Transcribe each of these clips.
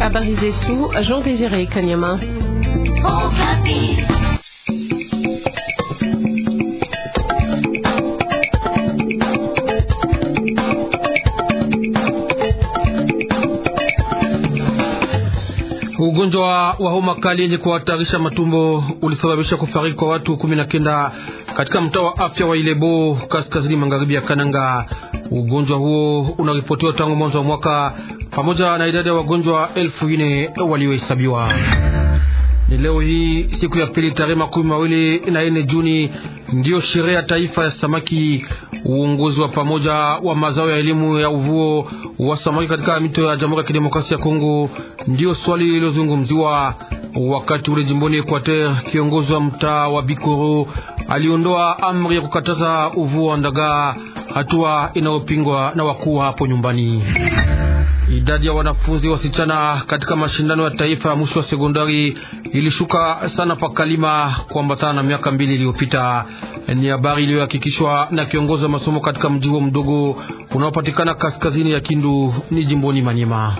Habari zetu Jean Désiré Kanyama. Ugonjwa wa homa kali yenye kuhatarisha matumbo ulisababisha kufariki kwa watu kumi na kenda katika mtaa wa afya wa Ilebo kaskazini magharibi ya Kananga. Ugonjwa huo unaripotiwa tangu mwanzo wa mwaka pamoja na idadi ya wagonjwa elfu nne waliohesabiwa. Ni leo hii siku ya pili tarehe makumi mawili na nne Juni ndiyo sherehe ya taifa ya samaki. Uongozi wa pamoja wa mazao ya elimu ya uvuo wa samaki katika mito ya Jamhuri ya Kidemokrasia ya Kongo ndiyo swali lililozungumziwa wakati ule jimboni Equateur. Kiongozi wa mtaa wa Bikoro aliondoa amri ya kukataza uvuo wa ndagaa hatua inayopingwa na wakuu hapo nyumbani. Idadi ya wanafunzi wasichana katika mashindano ya taifa ya mwisho wa sekondari ilishuka sana pakalima kuambatana na miaka mbili iliyopita. Ni habari iliyohakikishwa na kiongozi wa masomo katika mji huo mdogo unaopatikana kaskazini ya Kindu ni jimboni Manyema.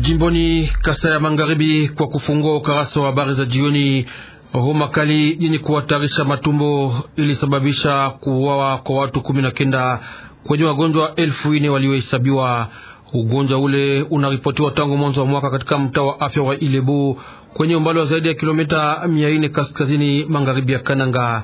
Jimboni Kasai ya Magharibi, kwa kufungua ukarasa wa habari za jioni Homa kali yenye kuhatarisha matumbo ilisababisha kuuawa kwa watu kumi na kenda kwenye wagonjwa elfu ine waliohesabiwa. Ugonjwa ule unaripotiwa tangu mwanzo wa mwaka katika mtaa wa afya wa Ilebu kwenye umbali wa zaidi ya kilomita mia ine kaskazini magharibi ya Kananga.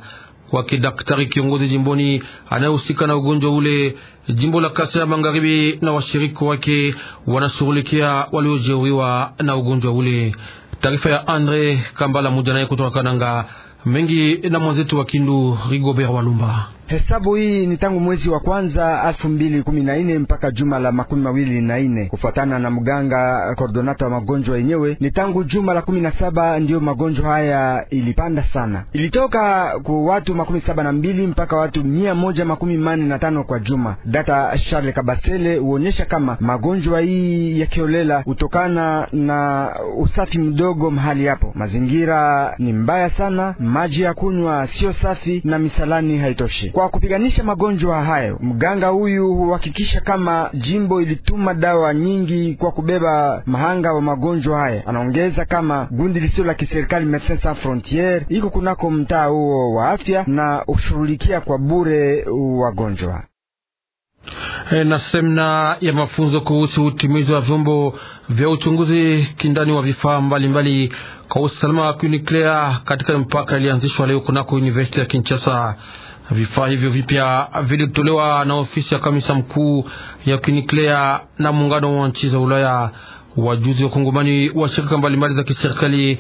Kwa kidaktari kiongozi jimboni anayehusika na ugonjwa ule, jimbo la Kasai ya magharibi na washiriki wake wanashughulikia waliojeruhiwa na ugonjwa ule. Taarifa ya Andre Kambala Mujanaye kutoka Kananga mengi na mwenzetu wa Kindu Rigobert Walumba. Hesabu hii ni tangu mwezi wa kwanza elfu mbili kumi na nne mpaka juma la makumi mawili na nne kufuatana na mganga kordonata wa magonjwa yenyewe. Ni tangu juma la kumi na saba ndiyo magonjwa haya ilipanda sana, ilitoka ku watu makumi saba na mbili mpaka watu mia moja makumi mane na tano kwa juma. Data Charles Kabasele huonyesha kama magonjwa hii yakiolela hutokana na usafi mdogo mahali hapo. Mazingira ni mbaya sana, maji ya kunywa siyo safi na misalani haitoshi. Kwa kupiganisha magonjwa hayo, mganga huyu huhakikisha kama jimbo ilituma dawa nyingi kwa kubeba mahanga wa magonjwa haya. Anaongeza kama gundi lisilo la kiserikali Medecins Sans Frontieres iko kunako mtaa huo wa afya na ushughulikia kwa bure wagonjwa eh, na semna ya mafunzo kuhusu utimizi wa vyombo vya uchunguzi kindani wa vifaa mbalimbali kwa usalama wa kinuklea katika mpaka ilianzishwa leo kunako university ya Kinshasa. Vifaa hivyo vipya vilitolewa na ofisi ya kamisa mkuu ya kiniklea na muungano wa nchi za Ulaya. Wajuzi wa kongomani wa shirika mbalimbali za kiserikali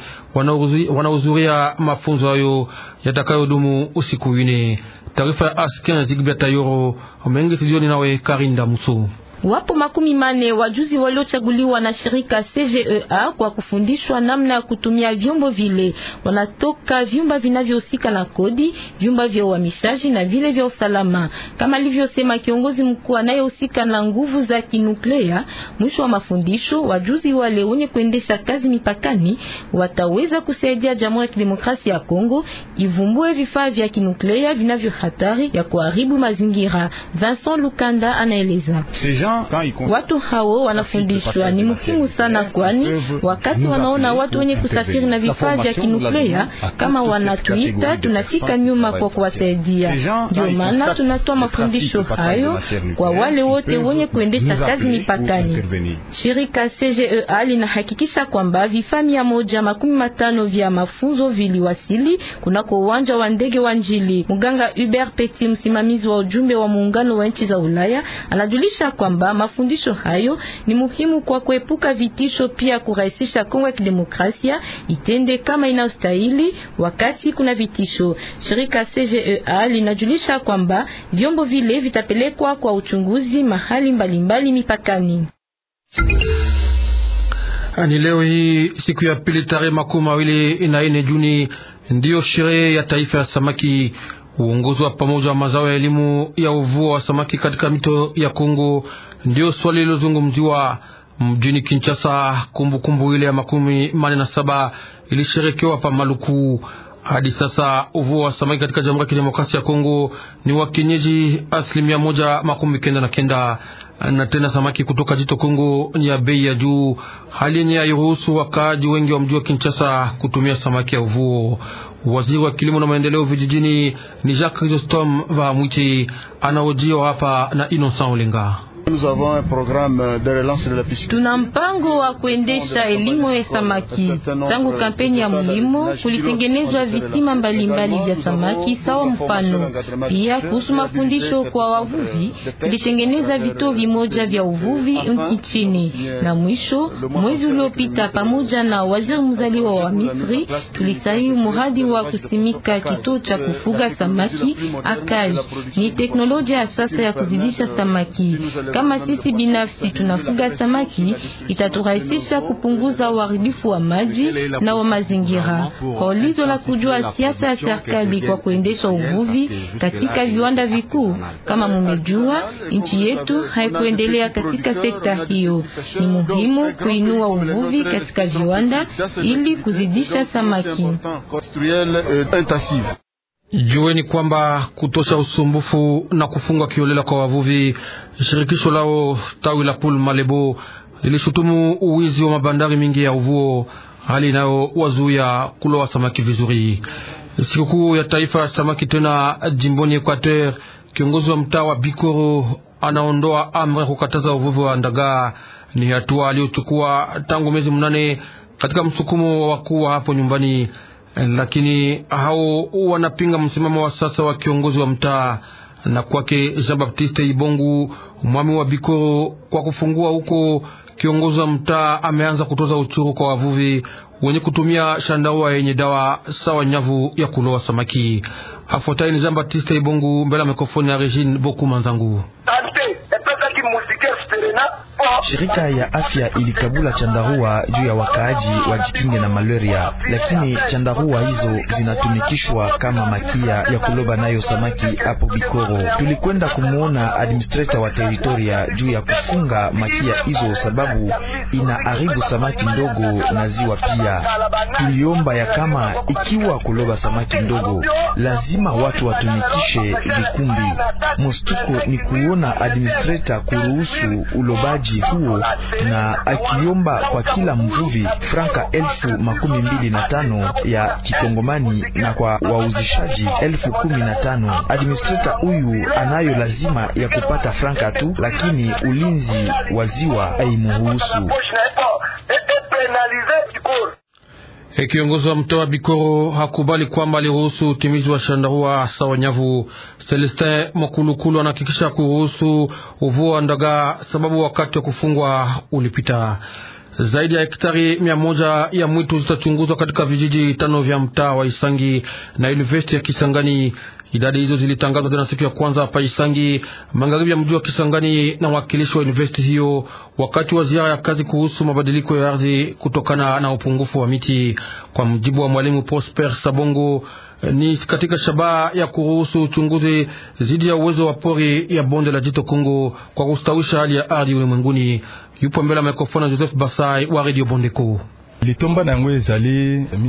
wanahudhuria mafunzo hayo yatakayodumu usiku wine. Taarifa ya Askin Zigbia Tayoro mengi sijioni nawe Karinda Musu. Wapo makumi mane wajuzi waliochaguliwa na shirika CGEA kwa kufundishwa namna ya kutumia vyombo vile. Wanatoka vyumba vinavyohusika na kodi, vyumba vya uhamishaji na vile vya usalama, kama alivyosema kiongozi mkuu anayehusika na nguvu za kinuklea. Mwisho wa mafundisho, wajuzi wale wenye kuendesha kazi mipakani wataweza kusaidia Jamhuri ya Kidemokrasia ya Kongo ivumbue vifaa vya kinuklea vinavyo hatari ya kuharibu mazingira. Vincent Lukanda anaeleza. Watu hao wanafundishwa, ni muhimu sana, kwani wakati wanaona watu wenye kusafiri na vifaa vya kinuklea kama wanatuita, tunachika nyuma kwa kuwasaidia. Ndio maana tunatoa mafundisho hayo kwa wale wote wenye kuendesha kazi mipakani. Shirika CGEA linahakikisha kwamba vifaa mia moja makumi matano vya mafunzo viliwasili kunako uwanja wa ndege wa Njili. Mganga Hubert Petit, msimamizi wa ujumbe wa muungano wa nchi za Ulaya, anajulisha kwamba kwamba mafundisho hayo ni muhimu kwa kuepuka vitisho, pia kurahisisha Kongo ya Kidemokrasia itende kama inayostahili wakati kuna vitisho. Shirika CGEA linajulisha kwamba vyombo vile vitapelekwa kwa uchunguzi mahali mbalimbali mbali mipakani. Ni leo hii siku ya pili tarehe makumi mawili na Juni ndiyo sherehe ya taifa ya samaki uongozi wa pamoja wa mazao ya elimu ya uvua wa samaki katika mito ya Kongo ndio swali lilozungumziwa mjini Kinshasa. Kumbukumbu ile ya makumi mane na saba ilisherekewa pa Maluku. Hadi sasa uvua wa samaki katika Jamhuri ya Kidemokrasia ya Kongo ni wa kienyeji asilimia moja makumi kenda na kenda na tena samaki kutoka jito Kongo ya bei ya juu, hali yenye hairuhusu wakaaji wengi wa mji wa Kinshasa kutumia samaki ya uvuo. Waziri wa kilimo na maendeleo vijijini ni Jacques Chrysostome vahamwichi anaojiwa hapa na Innocent Olenga. Euh, Tuna mpango wa kuendesha elimu ya samaki tangu kampeni ya mulimo, kulitengenezwa visima mbalimbali vya samaki sawa mfano. Pia kuhusu mafundisho kwa wavuvi, tulitengeneza vituo vimoja vya uvuvi nchini, euh, na mwisho mwezi uliopita, pamoja na waziri mzaliwa wa Misri, tulisaini mradi wa kusimika kituo cha euh, kufuga samaki akaj. Ni teknolojia ya sasa ya kuzidisha samaki kama sisi binafsi tunafuga samaki, itaturahisisha kupunguza uharibifu wa maji na wa mazingira. Kwa ulizo la kujua siasa ya serikali kwa kuendesha uvuvi katika viwanda vikuu, kama mumejua, nchi yetu haikuendelea katika sekta hiyo. Ni muhimu kuinua uvuvi katika viwanda ili kuzidisha samaki. Jueni kwamba kutosha usumbufu na kufunga kiolela kwa wavuvi, shirikisho lao tawi la Pul Malebo lilishutumu uwizi wa mabandari mingi ya uvuo, hali nayo wazuia kuloa samaki vizuri. Sikukuu ya taifa ya samaki tena jimboni Equateur, kiongozi wa mtaa wa Bikoro anaondoa amri ya kukataza uvuvi wa ndagaa. Ni hatua aliyochukua tangu mwezi mnane katika msukumo wa wakuu wa hapo nyumbani lakini hao wanapinga msimamo wa sasa wa kiongozi wa mtaa na kwake Jean Baptiste Ibongu mwami wa Bikoro kwa kufungua huko. Kiongozi wa mtaa ameanza kutoza uchuru kwa wavuvi wenye kutumia shandaua yenye dawa sawa nyavu ya kuloa samaki. Afuataini Jean Baptiste Ibongu mbele ya mikrofoni ya Regine Boku Manzangu. Shirika ya afya ilikabula chandarua juu ya wakaaji wajikinge na malaria, lakini chandarua hizo zinatumikishwa kama makia ya kuloba nayo samaki hapo Bikoro. Tulikwenda kumwona administrator wa teritoria juu ya kufunga makia hizo, sababu inaharibu samaki ndogo na ziwa pia. Tuliomba ya kama ikiwa kuloba samaki ndogo lazima watu watumikishe vikumbi. Mustuko ni kuona administrator kuruhusu ulobaji mji huo na akiomba kwa kila mvuvi franka elfu makumi mbili na tano ya kikongomani na kwa wauzishaji elfu kumi na tano. Administrator huyu anayo lazima ya kupata franka tu, lakini ulinzi wa ziwa haimuhusu. Kiongozi wa mtoa Bikoro hakubali kwamba aliruhusu utimizi wa shandarua sawa nyavu. Celestin Makulukulu anahakikisha kuruhusu uvuo wa ndagaa, sababu wakati wa kufungwa ulipita. Zaidi ya hektari mia moja ya mwitu zitachunguzwa katika vijiji tano vya mtaa wa Isangi na University ya Kisangani. Idadi hizo zilitangazwa tena siku ya kwanza hapa Isangi, magharibi ya mji wa Kisangani, na mwakilishi wa universiti hiyo wakati wa ziara ya kazi kuhusu mabadiliko ya ardhi kutokana na upungufu wa miti. Kwa mjibu wa mwalimu Prosper Sabongo, ni katika shabaha ya kuruhusu uchunguzi dhidi ya uwezo wa pori ya bonde la Jito Kongo kwa kustawisha hali ya ardhi ulimwenguni. Yupo mbele ya mikrofoni Joseph Basai wa Radio Bondeko.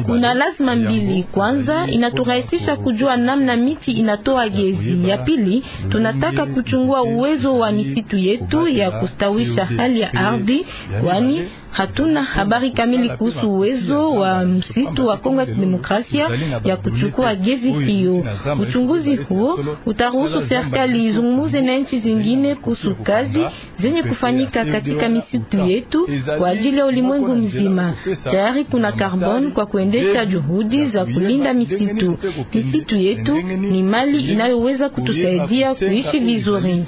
Kuna lazima mbili. Kwanza, inaturahisisha kujua namna miti inatoa gezi Ya pili, tunataka kuchungua uwezo wa misitu yetu ya kustawisha hali ya ardhi, kwani Hatuna habari kamili kuhusu uwezo wa msitu wa Kongo ya Kidemokrasia ya kuchukua gezi hiyo. Uchunguzi huo utaruhusu serikali izungumuze na nchi zingine kuhusu kazi zenye kufanyika katika misitu yetu kwa ajili ya ulimwengu mzima. Tayari kuna carbon kwa kuendesha juhudi za kulinda misitu. Misitu yetu ni mali inayoweza kutusaidia kuishi vizuri.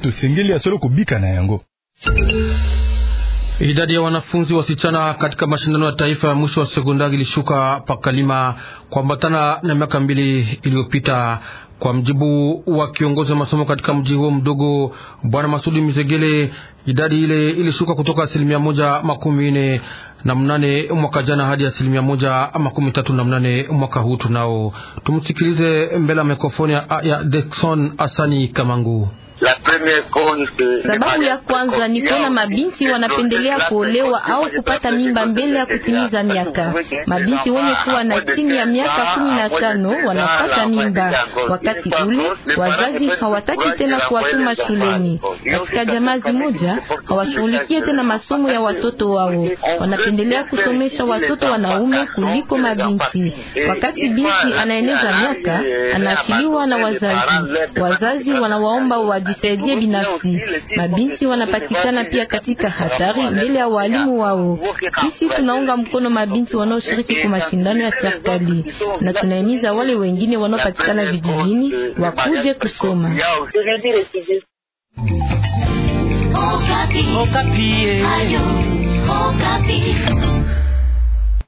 Idadi ya wanafunzi wasichana katika mashindano ya taifa ya mwisho wa sekondari ilishuka pakalima kuambatana na miaka mbili iliyopita, kwa mjibu wa kiongozi wa masomo katika mji huo mdogo Bwana Masudi Mizegele. Idadi ile ilishuka kutoka asilimia moja makumi nne na mnane mwaka jana hadi asilimia moja makumi tatu na mnane mwaka huu. Tunao tumsikilize mbele ya mikrofoni ya Dekson Asani Kamangu. Sababu ya kwanza ni kuona mabinti wanapendelea kuolewa au kupata mimba mbele ya kutimiza miaka. Mabinti wenye kuwa na chini ya miaka kumi na tano wanapata mimba. Wakati ule wazazi hawataki tena kuwatuma shuleni. Katika jamaa zimoja hawashughulikie tena masomo ya watoto wao, wanapendelea kusomesha watoto wanaume kuliko mabinti. Eh, Wakati binti anaeneza miaka, eh, anaachiliwa na eh, wazazi. Wazazi wanawaomba waji wajisaidie binafsi. Mabinti wanapatikana pia katika hatari mbele ya walimu wao. Sisi tunaunga mkono mabinti wanaoshiriki kwa mashindano ya serikali na tunahimiza wale wengine wanaopatikana vijijini wakuje kusoma. Okapi. Okapi.